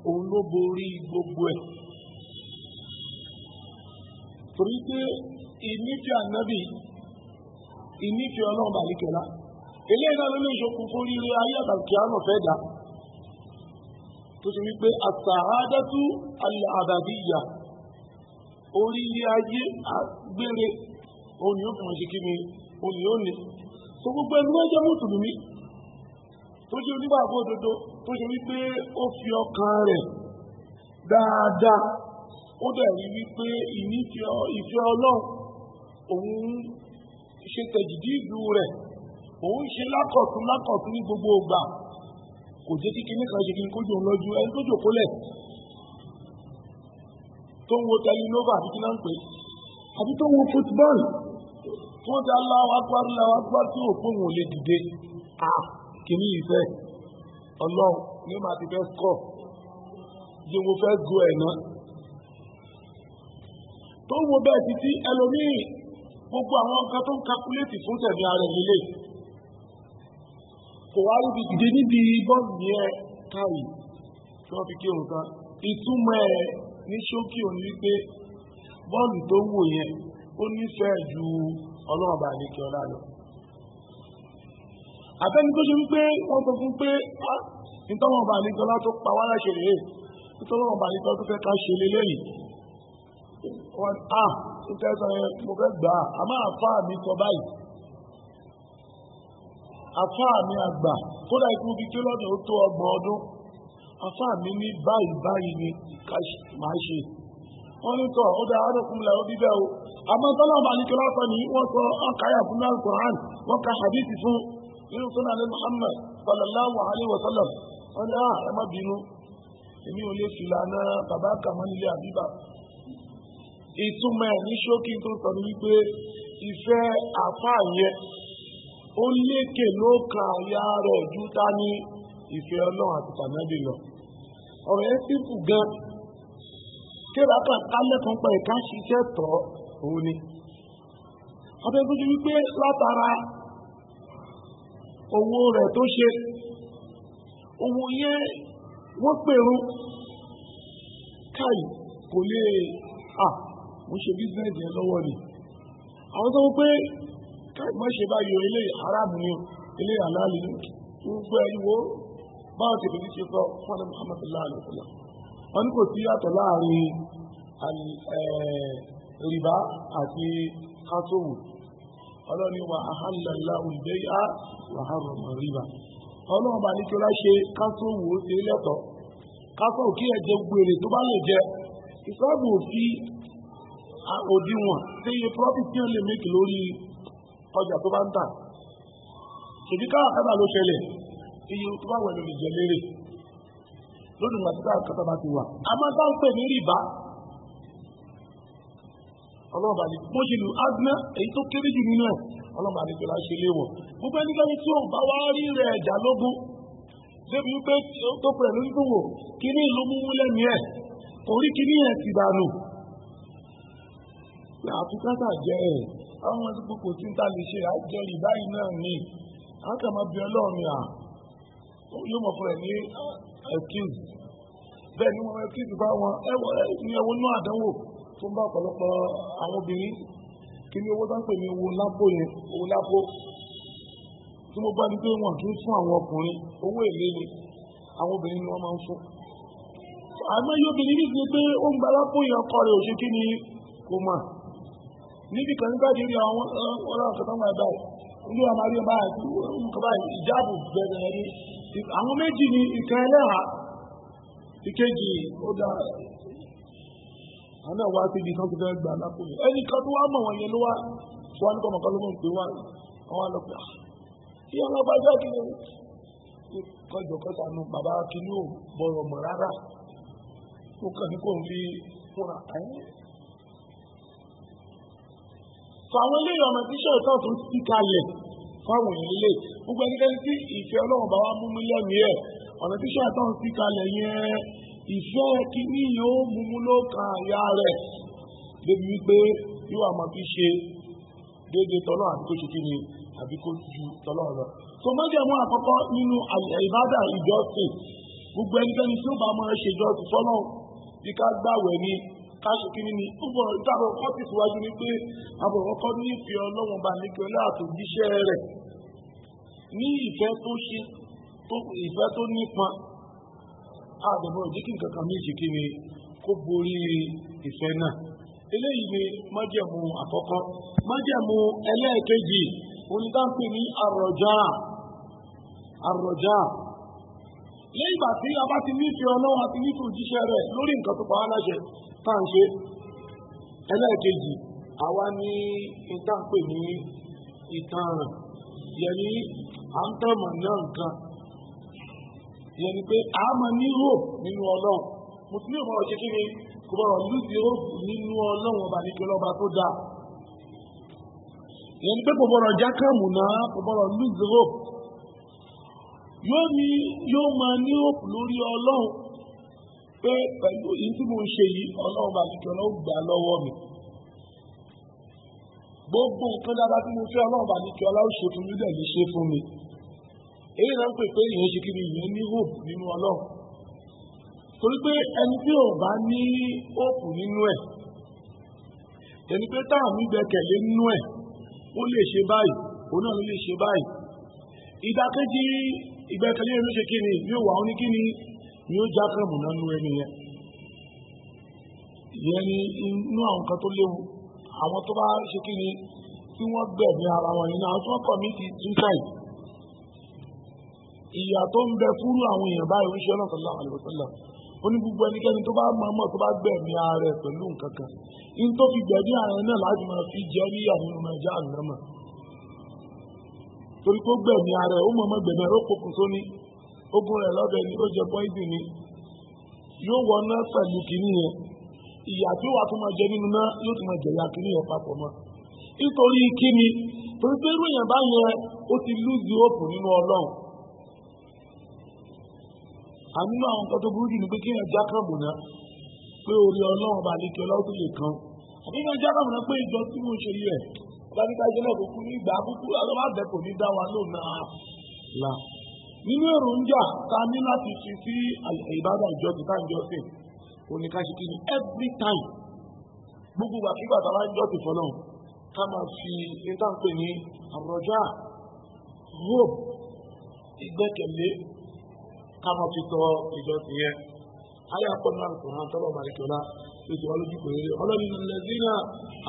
òun ló borí gbogbo ẹ̀ torí pé ìnífẹ́ ànábì ìnífẹ́ ọlọ́run bàlíkẹ́lá eléyìí náà ló lè ṣokùn fún rírí ayé àtàkì àánú fẹ́ dáa tó ṣe wípé àtàádátú alábàdíyà oríire ayé àgbére òun ni ó fi ránṣẹ́ kí ni òun ni ó ní tó gbogbo ẹni wọ́n jẹ́ mùsùlùmí tó ṣe onígbàgbọ́ òdodo tó ṣe wípé ó fi ọkàn rẹ̀ dáadáa ó dẹ̀ rí wípé ìfẹ́ ọlọ́run òun ṣe tẹ̀jìdí ìlú rẹ̀ òun ṣe lákọ̀tún lákọ̀tún ní gbogbo ìgbà kò jẹ́ kí kíní kan ṣe kí n kójú òun lọ́jú ẹni tó jòkó lẹ̀ tó ń wo telenova àbí kí ń pè àbí tó ń wo football tó ń da láwa gbárù láwa gbárù tí òpó òun ò lè dìde à kíní ìfẹ́ ọlọ́run ní màá ti fẹ́ kọ̀ jẹ́ mo fẹ́ go ẹ̀ náà tó ń wo bẹ́ẹ̀ títí ẹlòmíì gbogbo àwọn nǹkan tó ń kakuléètì fún tẹ̀mí ara ẹ̀ nílé kò wá ríbi dìde níbi bọ́ọ̀lù yẹn káyì tí wọ́n fi kí òun kan ìtumọ̀ ẹ̀ ní ṣókí òun wípé bọ́ọ̀lù tó ń wò yẹn ó nífẹ̀ẹ́ ju ọlọ́ọ̀bà àdékẹ́ ọlá lọ. àtẹni tó ṣe wípé wọ́n sọ fún pé ìtọ́wọ̀nba ah, àdékẹ́ ọlá tó pa wá láṣẹ rèé ìtọ́wọ̀nba àdékẹ́ ọlá tó fẹ́ ká ṣe lélẹ́yìn wọ́n á ń tẹ́sán yẹn mo fẹ́ gbà á àmọ́ àfáà mi sọ báyìí àfáà mi àgbà kódà ikú bíi tí lọ́dún ó tó ọgbọ̀n ọdún àfáà mi ní báyìí báyìí ni máa ṣe wọ́n ní tọ́ ó dáa ọdún kúnlẹ̀ ó bíbẹ́ o àmọ́ tọ́lọ́mù àlìkẹ́lá sọ ní wọ́n sọ ọkàyà fún náà Quran wọ́n ka hadith fún nínú sunan ní Muhammad sallallahu alayhi wa sallam wọ́n ní ah ẹ má bínú èmi ò lè fìlànà bàbá kàmọ́ nílé àbíbà ìtumọ̀ ẹ̀ ní ṣókí tó sọ ní wípé ìfẹ́ àfáà yẹn ó lékè ló kan àyà rẹ̀ ju ta ní ìfẹ́ ọlọ́run àti tànábì lọ ọ̀rọ̀ yẹn sípù gan kéèrà kan kálẹ̀ kan pa ìka ṣiṣẹ́ tọ̀ òun ni abẹ́gbẹ́jú wípé látara owó rẹ̀ tó ṣe owó yẹn wọ́n pèrún káì kò lè à mo ṣe bísíǹsì yẹn lọ́wọ́ ni àwọn tó ń pé mọ́ ṣe báyìí o ilé aráàbù ni o ilé àlàálì ni o gbogbo ẹ wo báwo ti bìí ṣe sọ fún ọdún muhammadu láàrin ìfúnná wọn kò sí yàtọ̀ láàrin rìbá àti kátówù ọlọ́ni wa ahàlàlá òǹdẹ́yà wàhálà rìbá ọlọ́run bá ní kí ó láṣẹ kátówù ó ṣe lẹ́tọ̀ọ́ kátó kí ẹ jẹ gbogbo èrè tó bá lè jẹ ìsọ́ọ̀bù òfin òdiwọ̀n tí iye profit ó lè make lórí ọjà tó bá ń tà ṣèbí káàkátà ló ṣẹlẹ̀ iye tó bá wẹ̀ ló lè jẹ lérè lónìí bá ti wà a bá ń pè ní rìbá ọlọ́ọ̀bà ni mo ṣe lu adúná èyí tó kéré jù nínú ẹ̀ ọlọ́ọ̀bà ni jọlá ṣe léwọ̀ gbogbo ẹnikẹ́ni tí òun bá wá rí rẹ̀ ẹ̀jà lógún débi pé tó pẹ̀lú nígbòwò kíní ló mú mú lẹ́nu ẹ̀ orí kíní ẹ̀ ti dànù àfikátà jẹ́ ẹ̀ àwọn ọmọ tí kò tí ń ta lè ṣe àjẹ́ ìbáyìí náà ni a kà máa bí ọlọ́run ni à yóò mọ̀ fún ẹ̀ ní excuse bẹ́ẹ̀ ni wọ́n excuse bá wọn ẹ̀wọ̀ ní ẹ̀wọ̀n náà àdánwò tó ń bá ọ̀pọ̀lọpọ̀ àwọn obìnrin kí ni owó sáńpẹ̀ ní owó lápò yẹn owó lápò tí mo bá ní pé wọn kì í fún àwọn ọkùnrin owó èlé ni àwọn obìnrin ni wọ́n máa ń fún àmọ́ yóò bìnrin ní ti pé ó ń gba lápò yẹn rẹ̀ òṣèkí ni kò máa níbi kan gbájú ní àwọn ọlọ́run kan tó máa báyìí olú ọmọ àríwá báyìí tí nǹkan báyìí ìjáàbù bẹ̀rẹ̀ rí àwọn méjì ní ìkan ẹlẹ́hà ìkejì ó dá àwọn náà wá síbi kan tó fẹ́ gbà lápò mi ẹnì kan tó wá mọ̀ wọ̀nyẹn ló wá wá nípa ọmọ kan pé wá àwọn àlọ́pẹ́ ah, kí ọlọ́pàá jẹ́ kí ni kọjọ kọta nu bàbá kí ni bọ̀rọ̀ mọ̀ rárá ó kàn ní kò ń fi fúnra ẹ̀yìn sọ àwọn eléyìí ọmọ tí ṣètò tó ti kalẹ̀ fáwọn èèyàn lè gbogbo ẹnikẹ́ni tí ìfẹ́ ọlọ́run bá wá mú mú lẹ́nu ẹ̀ ọ̀nà tí ṣètò ti kalẹ̀ yẹn ìfẹ́ kìíní yóò mú mú ló ka àyà rẹ̀ débi wípé yóò àmọ́ fi ṣe déédéé tọ́lọ́ àti kó ṣe kí ni àbí kó ju tọ́lọ́ lọ. tó mọ́jẹ̀mú àkọ́kọ́ nínú ìbádà ìjọsìn gbogbo ẹnikẹ́ni tí ó bá mọ́ ẹ ṣèjọsìn káṣù kínní ni púpọ̀ ìtàbọ̀ ọkọ̀ ti síwájú ní pé àbọ̀ ọkọ̀ ní ìfẹ́ ọlọ́run bá nípe láàtò jíṣẹ́ rẹ̀ ní ìfẹ́ tó ṣe ìfẹ́ tó nípa àbẹ̀bọ̀ jíkì kankan méjì kí ni kó borí ìfẹ́ náà eléyìí ni májẹ̀mú àkọ́kọ́ májẹ̀mú ẹlẹ́ẹ̀kejì onídàpẹ̀ ní àrọ̀já àrọ̀já lẹ́yìn ìgbà tí a bá ti nífẹ̀ẹ́ ọlọ́run àti nífẹ̀ẹ́ òjíṣẹ́ rẹ̀ lórí nǹkan tó pa á láṣẹ táǹṣe ẹlẹ́ẹ̀kejì àwa ní ìtànpè ní ìtànràn yẹni à ń tànmọ̀ náà nǹkan yẹni pé a máa ní hope nínú ọlọ́run mo ti ní ìbọ̀rọ̀ ṣe kí ni kò bọ̀rọ̀ lùdí hope nínú ọlọ́run ọba ní kílọ́ba tó dáa yẹni pé kò bọ̀rọ̀ jákàmù náà kò bọ̀rọ̀ lùdí hope yóò ní yóò máa ní hope lórí ọlọ́run pé pẹ̀lú yìí tí mo ń ṣe yìí ọlọ́run bá nìkan ló gbà lọ́wọ́ mi gbogbo nǹkan dáadáa tí mo fẹ́ ọlọ́run bá nìkan ọlọ́run ṣe fún mi dẹ̀ lè ṣe fún mi èyí náà ń pè pé ìyẹn ṣe kí ni ìyẹn ní hope nínú ọlọ́run torí pé ẹni tí ò bá ní hope nínú ẹ̀ ẹni pé táwọn mi gbẹ́kẹ̀lé nínú ẹ̀ ó lè ṣe báyìí òun náà lè ṣe báyìí ìdákẹ́jì ìgbẹ́kẹ̀lé ló ṣe kí ni yóò wà ó ní kí ni ni ó já fẹ́ múná ẹni yẹn ìyẹn ni inú àwọn kan tó léwu àwọn tó bá ṣe kí ni tí wọ́n gbẹ̀mí ara wọn nínú àwọn tí wọ́n kọ̀ mí ti suicide ìyà tó ń bẹ fúrú àwọn èèyàn báyìí oníṣẹ́ náà sallallahu alaihi wasallam ó ní gbogbo ẹnikẹ́ni tó bá mọ̀ọ́mọ̀ tó bá gbẹ̀mí ara rẹ̀ pẹ̀lú nǹkan kan in tó fi gbẹ̀mí ara rẹ̀ náà láti máa fi jẹ́ ní àwọn ọmọ ẹja àlùmọ́ torí pé ó gbẹ̀mí ara rẹ̀ ó mọ̀ọ́mọ̀ gbẹ̀mí rẹ̀ ó pokùn sóní ogun rẹ lọ́dọ̀ ẹni tó jẹ pọ́ìsì ni yóò wọ náà pẹ̀lú kìíní yẹn ìyà tí ó wà tó máa jẹ nínú náà yóò máa jẹ kìíní yẹn papọ̀ nítorí kíni torí pé irú bá ti lùzì nínú ọlọ́run àwọn nǹkan tó burú jù pé kí náà pé orí ọlọ́run bá kan àbí náà pé ìjọ tí mo ṣe yẹ ọlọ́run náà nínú èròjà ta ní láti fi sí ìbádà ìjọ ti tá ìjọ sí oníkàṣí every time gbogbo wa kí bàtà bá ń jọ ti fọlọ́ ká máa fi níta ń ní àrọ̀jà hope ìgbẹ́kẹ̀lé ká máa fi sọ ìjọ sí yẹn ayé akọ́nà àkùnrin tọ́lọ̀ ètò lẹ́sìn náà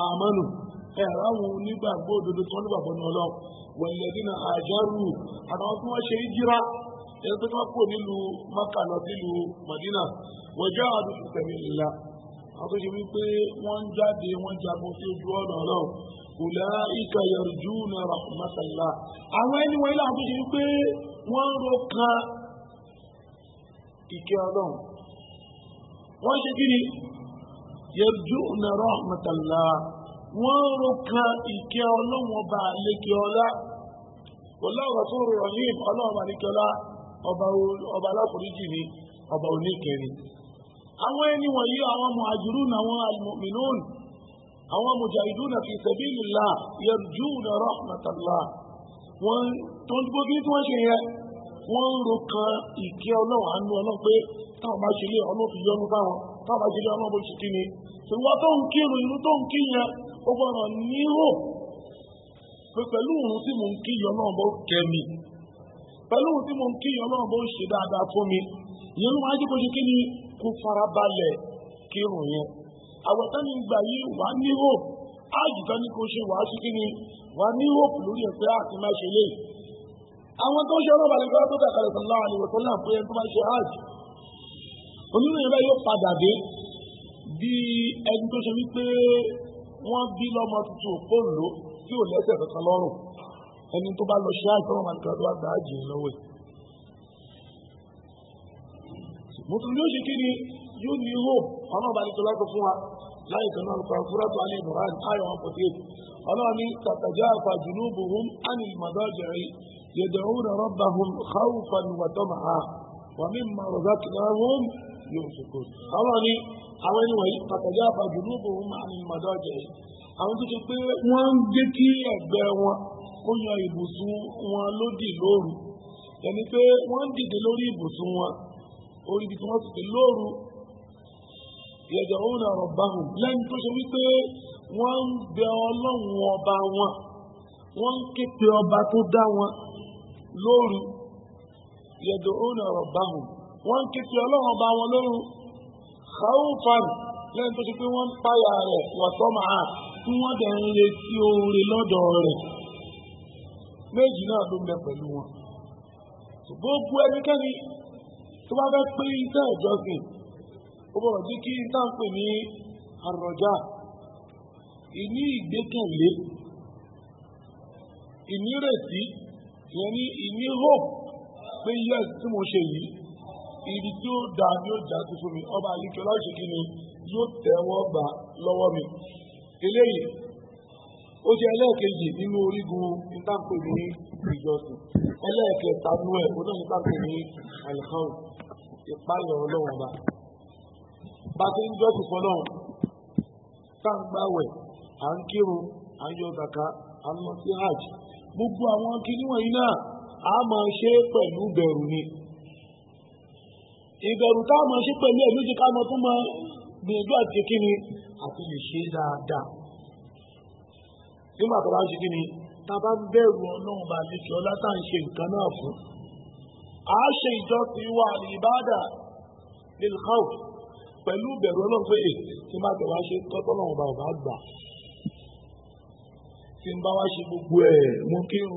àmọ́nù onígbàgbọ́ òdodo tí wọ́n wọ̀nyẹ̀dínà àjárù àtàwọn tí wọ́n ṣe ìjírá ẹni tó máa kó nílùú maka lọ sílùú madina wọ̀já àdúgbò tẹ̀mí ńlá àwọn tó ṣe wípé wọ́n ń jáde wọ́n jagun sí ojú ọ̀nà ọlọ́run kùlá ìka yẹrùjú na rahmatullah àwọn ẹni wọ̀nyí làwọn tó ṣe wípé wọ́n ń ro kan ọlọ́run wọ́n ṣe kí ni yẹrùjú na rahmatullah wọ́n ro kan ìkẹ́ ọlọ́wọ́n ọba àlékè ọlá ọlọ́wọ́ tó rọrọ̀ ní ọlọ́wọ́ àlékè ọlá ọba aláforíjì ni ọba oníkẹrin àwọn ẹni wọ̀nyí àwọn muhajirun àwọn almu'minun àwọn mujahidun fi sabilillah yarjuna rahmatallah wọ́n tó ń gbógi tí wọ́n ṣe yẹ wọ́n ro kan ìkẹ́ ọlọ́wọ́ àánú ọlọ́ táwọn bá ṣe lé ọlọ́ ó gbọ́dọ̀ nírò pé pẹ̀lú òun tí mò ń kí yọ náà bó kẹ́ mi pẹ̀lú òun tí mò ń kí yọ náà bó ṣe dáadáa fún mi ìyẹn ló máa ń dìbò ṣe kí ni kó farabalẹ̀ kírun yẹn àwọ̀tẹ́ni gbà yìí wà nírò ájùtọ́ ní kó ṣe wà á sí kí ni wà nírò lórí ẹ̀fẹ́ àti má ṣe lé àwọn tó ń ṣe ọlọ́ba lè gbọ́dọ̀ tó kàkàlẹ̀ sọ̀rọ̀ àwọn ìwòsàn náà pé ẹni tó máa ṣe ájù oníròyìn bá yóò padà dé bí ẹni tó ṣe wípé wọ́n bí lọ́mọ tuntun òpó ńlò tí ò lẹ́sẹ̀ kankan lọ́rùn ẹni tó bá lọ ṣe àìsàn wọn kan tó wá gbà á jìn lọ́wọ́ ẹ̀. mùsùlùmí ó ṣe kí ni yóò ní hope ọ̀nà ọba nítorí láti fún wa láì kan náà lùkọ́ fúra alẹ́ ìmọ̀ràn ayọ̀ wọn pọ̀tẹ́ ọlọ́run ní tàtàjà àfà junubuhum ánì ìmọ̀dọ́jẹ̀rì yad'una rabbahum khawfan wa tama'an wa mimma razaqnahum yunfiqun ọlọ́run ní àwọn ẹni wọ̀nyí pàtàkì àfàjù lóòbò wọn máa ní ìmọ̀dọ́ ọ̀jẹ̀ yìí àwọn tó ṣe pé wọ́n ń gé kí ẹ̀gbẹ́ wọn kó yan ibùsùn wọn lódì lóru ẹni pé wọ́n ń dìde lórí ibùsùn wọn orí ibi tí wọ́n ti pè lóru ìyẹ̀jọ̀ òun náà rọ̀ bá wọn lẹ́yìn tó ṣe wípé wọ́n ń bẹ ọlọ́run ọba wọn wọ́n ń ké pe ọba tó dá wọn lóru ìyẹ̀jọ̀ òun náà rọ̀ bá wọn wọ́n ń ké ọlọ́run ọba wọn lóru khawfan lẹ́yìn tó ṣe pé wọ́n ń páyà rẹ̀ wọ̀tọ́ màá tí wọ́n dẹ̀ ń retí oore lọ́dọ̀ rẹ̀ méjì náà ló ń bẹ pẹ̀lú wọn. gbogbo ẹnikẹ́ni tó bá fẹ́ pé iṣẹ́ ìjọsìn ó bọ̀rọ̀ jẹ́ kí iṣẹ́ ń pè ní àrọ̀jà ìní ìgbẹ́kẹ̀lé ìnírètí ìyẹn ní ìní hope pé yẹ́sì tí mo ṣe yìí ibi tí ó dà ní ó já fún mi ọba àlíkẹ láṣẹ kí ni yóò tẹ́wọ́ gbà lọ́wọ́ mi eléyìí ó jẹ́ ẹlẹ́ẹ̀kejì nínú orígun ìtàǹpé ní ìjọsìn ẹlẹ́ẹ̀kẹta nú ẹ̀ ó náà ìtàǹpé ní alhaun ìpáyọ̀ ọlọ́run ọba bá ti ń jọ́sìn fọlọ́run táǹgbàwẹ̀ à ń kírun à ń yọ kàkà à ń lọ sí hajj gbogbo àwọn kinní wọ̀nyí náà a ṣe é pẹ̀lú bẹ̀rù ni ìbẹ̀rù táwọn ṣe pẹ̀lú ẹ̀mí ti ká mọ tó mọ gbìyànjú àti kíni àti lè ṣe dáadáa nígbà tó bá ń ṣe kíni tá a bá ń bẹ̀rù ọlọ́run bá lè jọ látàn ṣe nǹkan náà fún a ṣe ìjọsìn wa ìbáàdà lil khawf pẹ̀lú bẹ̀rù ọlọ́run pé eh, tí má tẹ̀wá ṣe tọ́tọ́ ọlọ́run bá ọ̀gá gbà tí ń bá wá ṣe gbogbo ẹ̀ mú kírun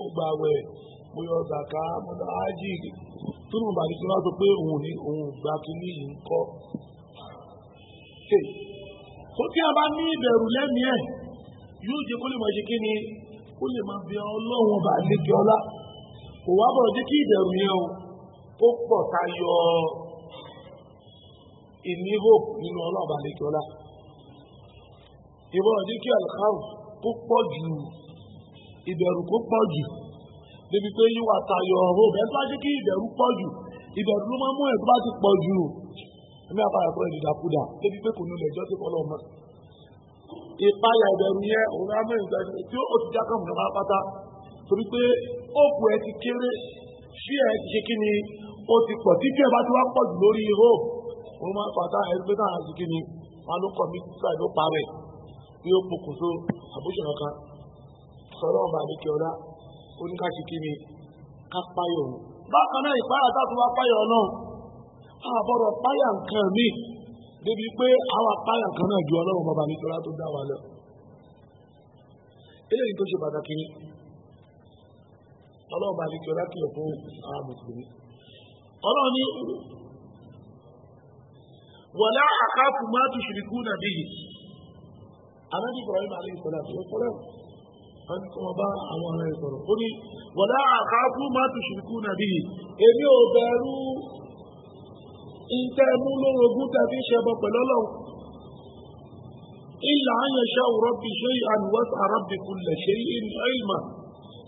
ó gbà wẹ̀ mo yọ tó lóun bá ní kí wọ́n sọ pé òun ní òun gba kínní yìí ń kọ́. tó tí a bá ní ìbẹ̀rù lẹ́mìí ẹ̀ yóò jẹ́ kó lè máa ṣe kí ni kó lè máa bẹ ọlọ́run ọba lékè ọlá kò wá bọ̀rọ̀ jẹ́ kí ìbẹ̀rù yẹn o kó pọ̀ ká yọ ìní hope nínú ọlọ́ọ̀bà lékè ọlá ìbọ̀rọ̀ jẹ́ kí àlùkáwù kó pọ̀ jù ìbẹ̀rù kó pọ̀ jù débi pé yíwà tayọ ọ̀rọ̀ ẹ̀ tó bá jẹ́ kí ìbẹ̀rù pọ̀ jù ìbẹ̀rù ló máa mú ẹ̀ tó bá ti pọ̀ jù ẹ̀mí àpàyà fún ìdìdàkudà débi pé kò ní ilẹ̀ ẹjọ́ ti kọ́ lọ́mọ. ìpayà ìbẹ̀rù yẹn òun á mú ìbẹ̀rù tí ó ti já kàn mọ́ pátá torí pé òkú ẹ ti kéré sí ẹ ti ṣe kí ni ó ti pọ̀ tí bí ẹ bá ti wá pọ̀ jù lórí ihò òun máa pàtà ẹ gbé náà ṣe kí ni wọn ló kọ̀ mí sísá ìlú parẹ́ bí ó pokùnso àbúṣe ọ̀kan sọ̀rọ̀ ọba àdékẹ́ ọ̀la oníkàṣí kí ni ká páyọ̀ òun bákan náà ìpáyà tá a tún wá páyọ̀ náà a bọ̀rọ̀ páyà nǹkan mi débi pé àwọn apáyà kan náà ju ọlọ́run bàbá mi tọ́lá tó dá wa lọ eléyìí tó ṣe pàtàkì ni ọlọ́run bàbá mi tọ́lá kìlọ̀ fún àwọn mùsùlùmí ọlọ́run ní wọlé àkáàfù máa tún ṣìrìkú nàbí yìí anájú Ibrahim alayhi salatu wa salam wọ́n ti kọ́ bá àwọn ará ìsọ̀rọ̀ ó ní wọ̀lá àkáàkú má ti ṣùkú nàbí èmi ò bẹ̀rù ìtẹ́ mú lórogún tàbí ṣẹbọ pẹ̀lú ọlọ́run ilà ayẹ̀ ṣá òrọ́bì ṣe àníwọ́sà arábì kulẹ̀ ṣe ìní ẹ̀yìnmá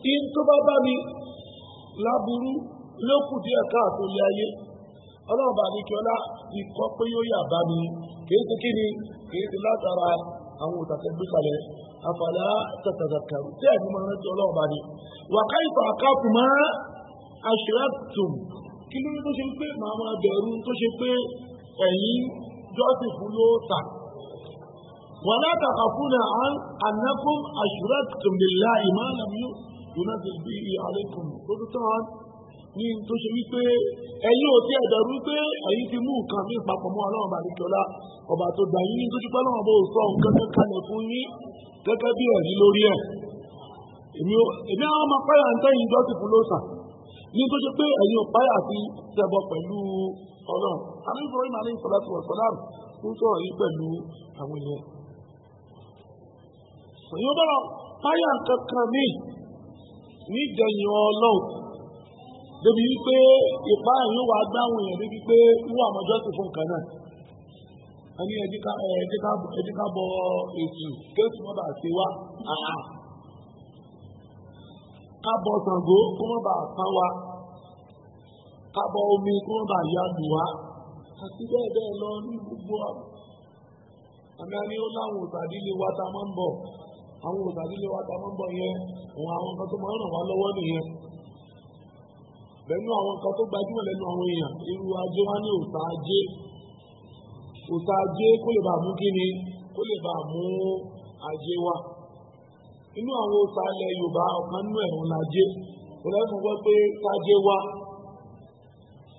kí n tó bá bá mi láburú lókù díẹ̀ káàtó lé ayé ọlọ́run bá ní kí ọlá ikọ́ pé yóò yà bá mi kì í ti kí ni kì í ti látara àwọn òtàtẹ́gbẹ́sàlẹ̀ afala tatazakaru tí ẹni máa rántí ọlọ́run bá ní wàká ìtọ̀ àkáàkù máa aṣèrátùm kí ló ní tó ṣe pé màá máa bẹ̀rù tó ṣe pé ẹ̀yìn jọ́sìfù ló tà wà látàkà fún ànákùn aṣèrátùm lè la ìmáàlàmú yóò náà ti bí i àlékùn tó tó tán ní tó ṣe wípé ẹ̀yin ò tí ẹ bẹ̀rù pé ẹ̀yin ti mú nǹkan ní ìpapọ̀ mọ́ ọlọ́run bàdìkọ́lá ọba tó gbà yín ní tó ṣùpẹ́ lọ́wọ́ bó sọ nǹkan tó kalẹ̀ fún yín gẹ́gẹ́ bí ẹ̀rí lórí ẹ̀ èmi àwọn ọmọ páyà ń tẹ́yìn jọ́ ti fún lóṣà ní tó ṣe pé ẹ̀yin ò páyà ti ṣẹbọ pẹ̀lú ọlọ́run àmì ìfọwọ́yìn àmì ìfọlẹ́tù ọ̀sọ́dàrù tó sọ̀rọ̀ yín pẹ̀lú àwọn èèyàn èèyàn bọ́rọ̀ páyà kankan míì níjọyìn ọlọ́run débi wípé ìpá yóò wá dáhùn èèyàn débi pé wọ́n àmọ́jọ́ ti fún nǹkan náà a ní ẹ̀díkà bọ ètù kéésì mọ́ bá ti wá ká bọ Ṣàngó kó mọ́ bá bọ omi kó mọ́ bá yá lù lọ ní gbogbo àmì ó láwọn máa ń bọ̀ àwọn máa ń bọ̀ bẹ́ẹ̀nu àwọn nǹkan tó gbajúmọ̀ lẹ́nu àwọn èèyàn irú ajé wá ní òta ajé òta ajé kó lè bá mú kíni kó lè bá mú ajé wá inú àwọn òta ilẹ̀ Yorùbá ọ̀kan nínú ẹ̀rùn ọrụ ọlọ́run gbọ́ pé tajé wá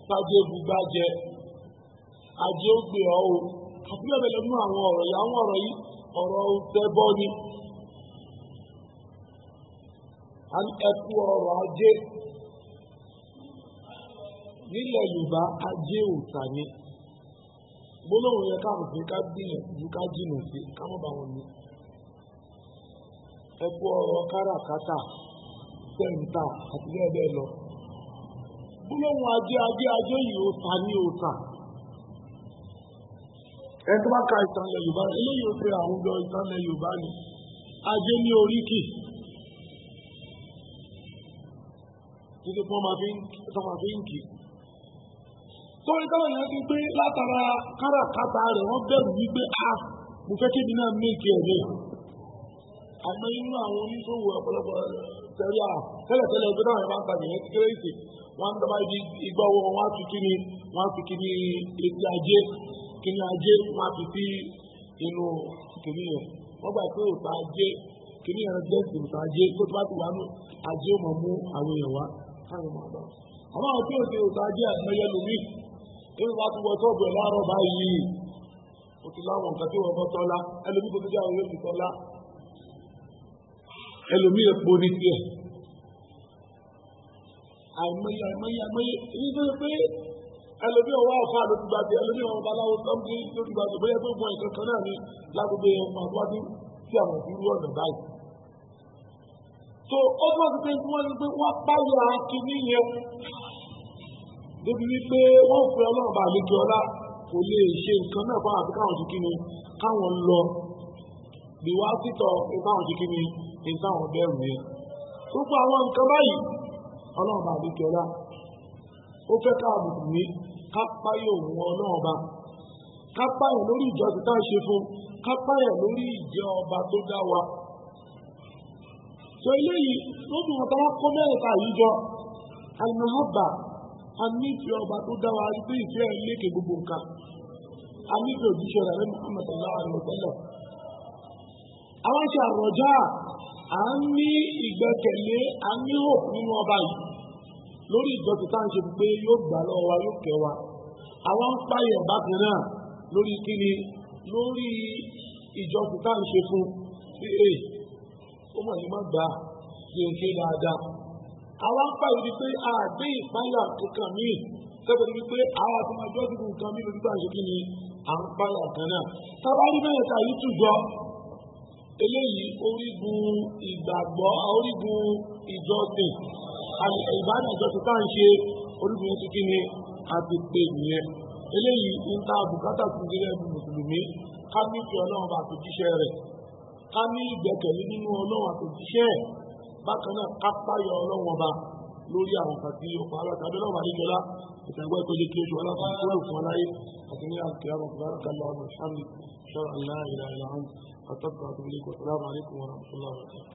tajé bùgbà ajé ó gbé ọ o àti àwọn ọ̀rọ̀ yìí àwọn nílẹ̀ yorùbá ajé òòtà ni gbólóhùn yẹ ká ká jìnà sí ká mọ̀ bá wọn ní. ẹ kú ọ̀rọ̀ káràkátà àti bẹ́ẹ̀ bẹ́ẹ̀ lọ. gbólóhùn ajé ajé ajé yìí òòtà ni òòtà. tó bá ka ìtànlẹ̀ yorùbá eléyìí ó pe àwọn ọjọ́ ìtànlẹ̀ yorùbá ni ajé ní oríkì. títí máa fi sórí táwọn èèyàn ti pé látara káràkátà rẹ̀ wọ́n bẹ̀rù wípé a ah, mo fẹ́ kébi náà méjì ẹ̀ lé àmọ́ inú àwọn oníṣòwò ọ̀pọ̀lọpọ̀ tẹ̀lé à tẹ́lẹ̀tẹ́lẹ̀ ẹgbẹ́ táwọn ẹ̀fọn àgbà yẹn ti kéré sí wọ́n dábàá ibi ìgbà owó wọn á fi kí ni wọ́n á fi kí ni etí ajé kí ni ajé wọ́n á fi sí inú kìnìún yẹn wọ́n gbà pé òtá ajé kìnìún yẹn jẹ́ òtá ajé kó tó bá ti wà nù ajé ó mọ̀ mú àwọn èèyàn wá káwọn ọmọ àgbà àwọn àwọn tí ò ṣé wọ́n ti wọ sọ́ọ̀bù ẹ̀ láàárọ̀ báyìí o ti láwọn nǹkan tí wọ́n fọ́ tọ́lá ẹlòmíì kò tó jẹ́ àwọn yóò tọ́lá ẹlòmíì epo ní tiẹ̀ àìmọye àìmọye àìmọye èyí tó yẹ pé ẹlòmíì ọwọ́ àfa ló ti gbàgbé ẹlòmíì ọwọ́ baláwo sọ́mdé ló ti gbàgbé bóyá tó mọ ìkan kan náà ní lágbègbè ọmọ tí àwọn òbí rú ọ̀nà báyìí. tó ó tó ti pé wọ́n ti pé wọ́n débi wípé wọ́n fẹ́ ọlọ́run bá àlejò ọlá kò lè ṣe nǹkan náà fáwọn àti káwọn jìkí ni káwọn lọ bí wá títọ̀ káwọn jìkí ni ní káwọn bẹ̀rù yẹn. gbogbo àwọn nǹkan báyìí ọlọ́run bá àlejò ọlá ó fẹ́ ká àbùkù ní kápá yóò wọn ọlọ́run bá kápá yẹn lórí ìjọsìn tá a ṣe fún kápá yẹn lórí ìjẹ ọba tó dá wa. sọ eléyìí lóbi wọn tọ́lá kó mẹ́rin ká yíjọ àlùmọ́ a nífẹ̀ẹ́ ọba tó dá wa rí pé ìfẹ́ ẹ̀ lékè gbogbo nǹkan a nífẹ̀ẹ́ òjíṣẹ́ rẹ̀ lẹ́nu Muhammad sallallahu alaihi wa sallam. àwọn ṣe àròjà à ń ní ìgbẹ́kẹ̀lé à ń ní hope nínú ọba yìí lórí ìjọsìn tá à ń ṣe pé yóò gbà lọ́wọ́ wa yóò kẹ́ wa àwọn ń pààyàn bákan náà lórí kíni lórí ìjọsìn tá à ń ṣe fún pa ó mọ̀ ní má gbà kí n ṣe dáadáa àwa ń pàrọ̀ wípé àgbé ìpáyà kankan míì sẹ́kọ̀ọ́ ni wípé àwa àti máa jọ́ dúdú nǹkan míì lórí báyìí kí ni à ń páyà kan náà. tábàárí mẹ́ta yìí tù jọ eléyìí orígun ìgbàgbọ́ orígun ìjọsìn ìbádàn ìjọsìn tá à ń ṣe orígun ti kí ni a ti pè nìyẹn eléyìí ń ta bùkátà sí ilé ẹbí mùsùlùmí ká ní ìfẹ́ ọlọ́run àtòjíṣẹ́ rẹ̀ ká ní ìgbẹ́kẹ̀lé nínú ọlọ́run àtòjíṣẹ́ rẹ̀ bákan náà kápáyọ ọlọ́run ọba lórí àwọn àti ọkọ̀ alákàbí náà wà níjọlá ìtàgbọ́ ẹ̀kọ́ jẹ́ kí oṣù alákùnrin tó ẹ̀fọ́ aláyé àti ní àkíyàmọ̀ bàrákàlá ọmọ ìṣàmì ṣọ́ra aláìláìláhùn àtọ́kọ̀ àtúnlẹ̀kọ̀ sọ́lá